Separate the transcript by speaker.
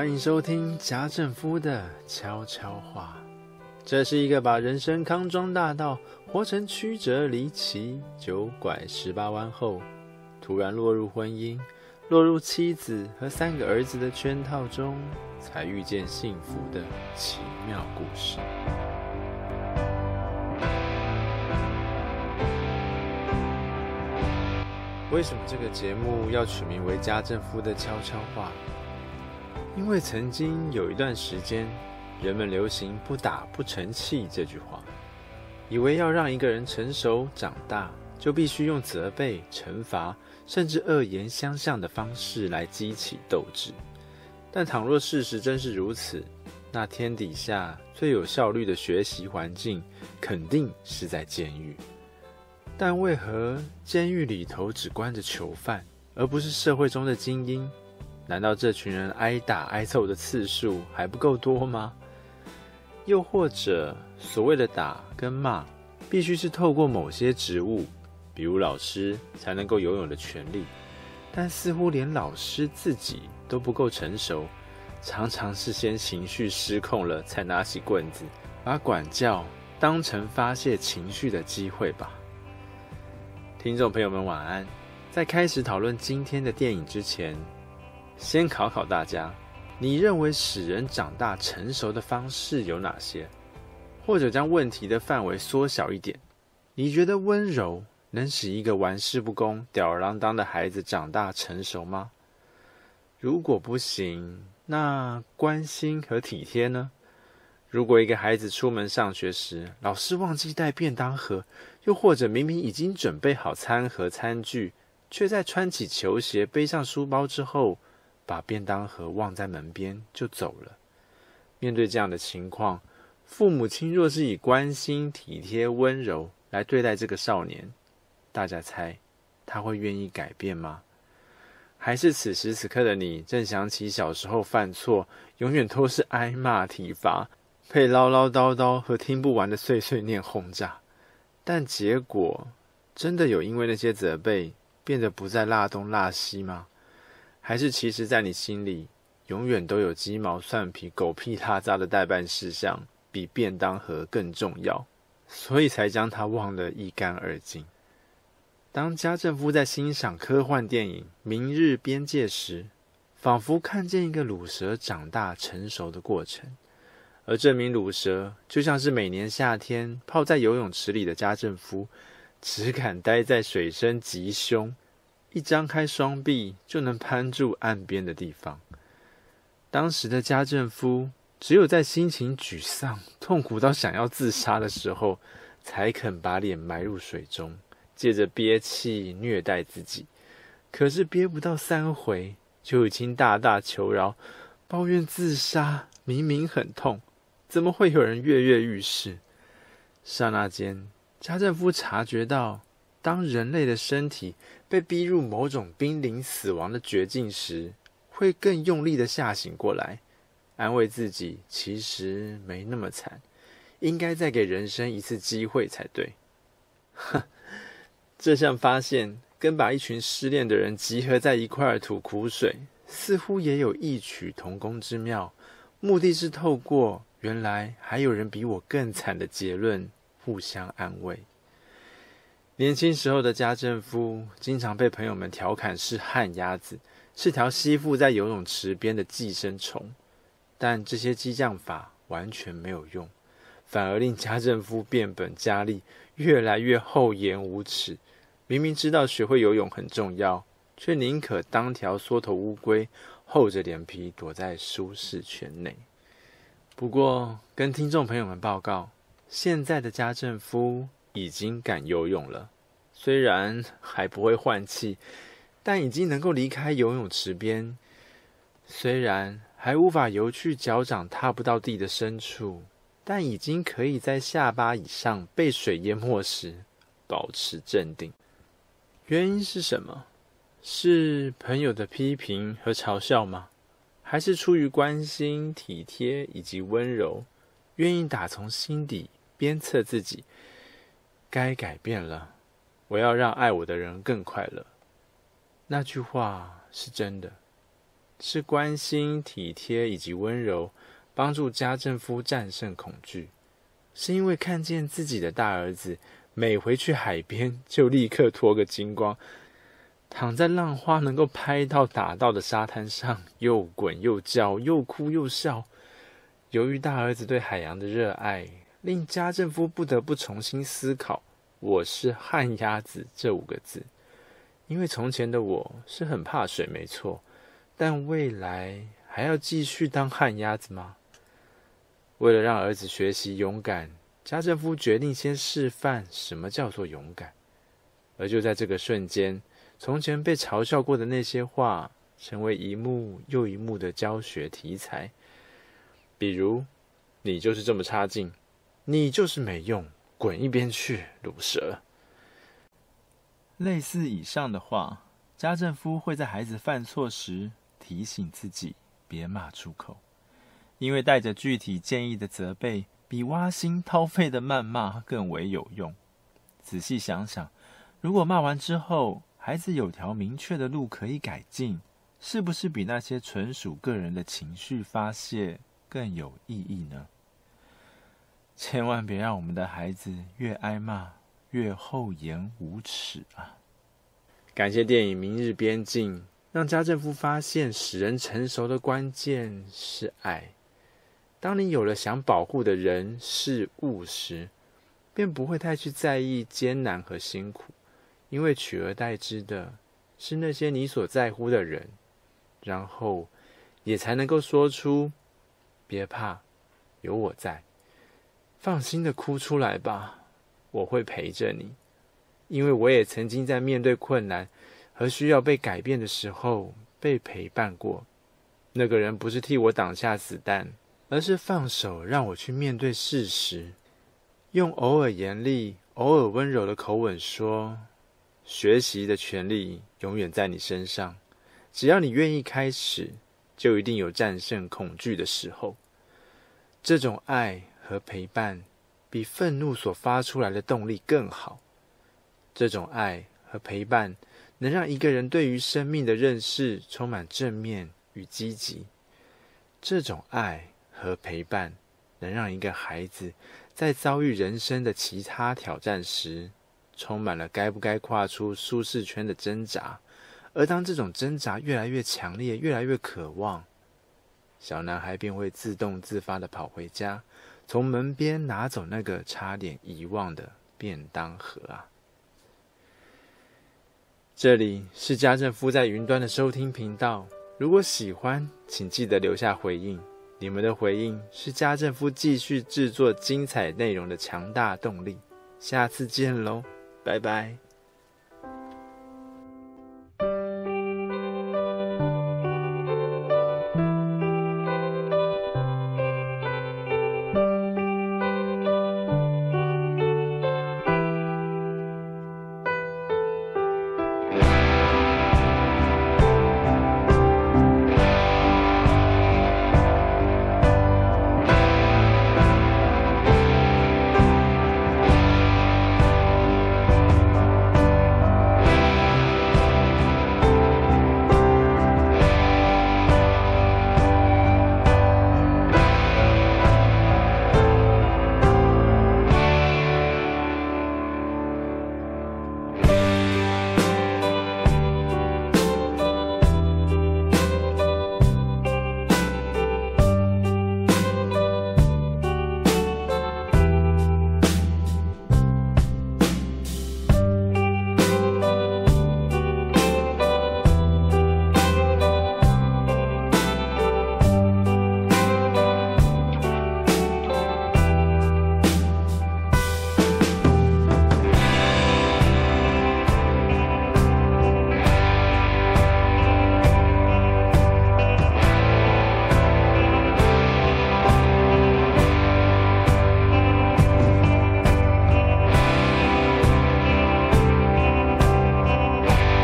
Speaker 1: 歡迎收聽家政夫的悄悄話。這是一個把人生康莊大道活成曲折離奇、九拐十八彎後，突然落入婚姻、落入妻子和三個兒子的圈套中，才遇見幸福的奇妙故事。為什麼這個節目要取名為《家政夫的悄悄話》？因為曾經有一段時間，人們流行“不打不成器”這句話，以為要讓一個人成熟長大，就必須用責備、懲罰，甚至惡言相向的方式來激起鬥志。但倘若事實真是如此，那天底下最有效率的學習環境，肯定是在監獄。但為何監獄裡頭只關着囚犯，而不是社會中的精英？難道這群人挨打挨揍的次數還不夠多嗎？又或者，所謂的打跟罵，必須是透過某些職務，比如老師，才能夠擁有的權利。但似乎連老師自己都不夠成熟，常常是先情緒失控了，才拿起棍子，把管教當成發洩情緒的機會吧。聽眾朋友們，晚安！在開始討論今天的電影之前。先考考大家，你認為使人長大成熟的方式有哪些？或者將問題的範圍縮小一點，你覺得溫柔能使一個玩世不恭、吊兒郎當的孩子長大成熟嗎？如果不行，那關心和體貼呢？如果一個孩子出門上學時，老是忘記帶便當盒，又或者明明已經準備好餐盒、餐具，卻在穿起球鞋、背上書包之後。把便當盒忘在門邊就走了。面對這樣的情況，父母親若是以關心、體貼、溫柔來對待這個少年，大家猜他會願意改變嗎？還是此時此刻的你正想起小時候犯錯，永遠都是挨罵、體罰，被嘮嘮叨叨和聽不完的碎碎念轟炸？但結果真的有因為那些責備變得不再拉東拉西嗎？還是其實，在你心裡，永遠都有雞毛蒜皮、狗屁他渣的待辦事項比便當盒更重要，所以才將它忘得一乾二淨。當家政夫在欣賞科幻電影《明日邊界》時，仿佛看見一個魯蛇長大成熟的過程，而這名魯蛇就像是每年夏天泡在游泳池裡的家政夫，只敢待在水深及胸。一張開雙臂就能攀住岸邊的地方。當時的家政夫只有在心情沮喪、痛苦到想要自殺的時候，才肯把臉埋入水中，借着憋氣虐待自己。可是憋不到三回，就已經大大求饒，抱怨自殺明明很痛，怎麼會有人躍躍欲試？剎那間，家政夫察覺到，當人類的身體。被逼入某種瀕臨死亡的絕境時，會更用力地嚇醒過來，安慰自己其實沒那麼慘，應該再給人生一次機會才對。哼，這項發現跟把一群失戀的人集合在一塊兒吐苦水，似乎也有異曲同工之妙，目的是透過“原來還有人比我更慘”的結論，互相安慰。年輕時候的家政夫經常被朋友們調侃是旱鴨子，是條吸附在游泳池邊的寄生蟲。但這些激將法完全沒有用，反而令家政夫變本加厲，越來越厚顏無恥。明明知道學會游泳很重要，卻寧可當條縮頭烏龜，厚着臉皮躲在舒適圈內。不過，跟聽眾朋友們報告，現在的家政夫……已經敢游泳了，雖然還不會換氣，但已經能夠離開游泳池邊。雖然還無法游去腳掌踏不到地的深處，但已經可以在下巴以上被水淹沒時保持鎮定。原因是什麼？是朋友的批評和嘲笑嗎？還是出於關心、體貼以及溫柔，願意打從心底鞭策自己？該改變了，我要讓愛我的人更快樂。那句話是真的，是關心、體貼以及溫柔，幫助家政夫戰勝恐懼，是因為看見自己的大兒子每回去海邊就立刻脫個精光，躺在浪花能夠拍到打到的沙灘上，又滾又叫，又哭又笑。由於大兒子對海洋的熱愛。令家政夫不得不重新思考“我是旱鴨子”這五個字，因為從前的我是很怕水，沒錯，但未來還要繼續當旱鴨子嗎？為了讓兒子學習勇敢，家政夫決定先示範什麼叫做勇敢。而就在這個瞬間，從前被嘲笑過的那些話，成為一幕又一幕的教學題材。比如，你就是這麼差勁。你就是沒用，滾一邊去，魯蛇！類似以上的話，家政夫會在孩子犯錯時提醒自己，別罵出口。因為帶着具體建議的責備，比挖心掏肺的謾罵更為有用。仔細想想，如果罵完之後，孩子有條明確的路可以改進，是不是比那些純屬個人的情緒發洩更有意義呢？千萬別讓我們的孩子越挨罵越厚顏無恥啊！感謝電影《明日邊境》，讓家政夫發現使人成熟的關鍵是愛。當你有了想保護的人事物時，便不會太去在意艱難和辛苦，因為取而代之的是那些你所在乎的人，然後也才能夠說出“別怕，有我在”。放心的哭出來吧，我會陪着你，因為我也曾經在面對困難和需要被改變的時候被陪伴過。那個人不是替我擋下子彈，而是放手讓我去面對事實，用偶爾嚴厲、偶爾溫柔的口吻說：“學習的權利永遠在你身上，只要你願意開始，就一定有戰勝恐懼的時候。”這種愛。和陪伴比憤怒所發出來的動力更好。這種愛和陪伴能讓一個人對於生命的認識充滿正面與積極。這種愛和陪伴能讓一個孩子在遭遇人生的其他挑戰時，充滿了該不該跨出舒適圈的掙扎。而當這種掙扎越來越強烈，越來越渴望，小男孩便會自動自發的跑回家。從門邊拿走那個差點遺忘的便當盒啊！這裡是家政夫在雲端的收聽頻道。如果喜歡，請記得留下回應。你們的回應是家政夫繼續製作精彩內容的強大動力。下次見嘍，拜拜。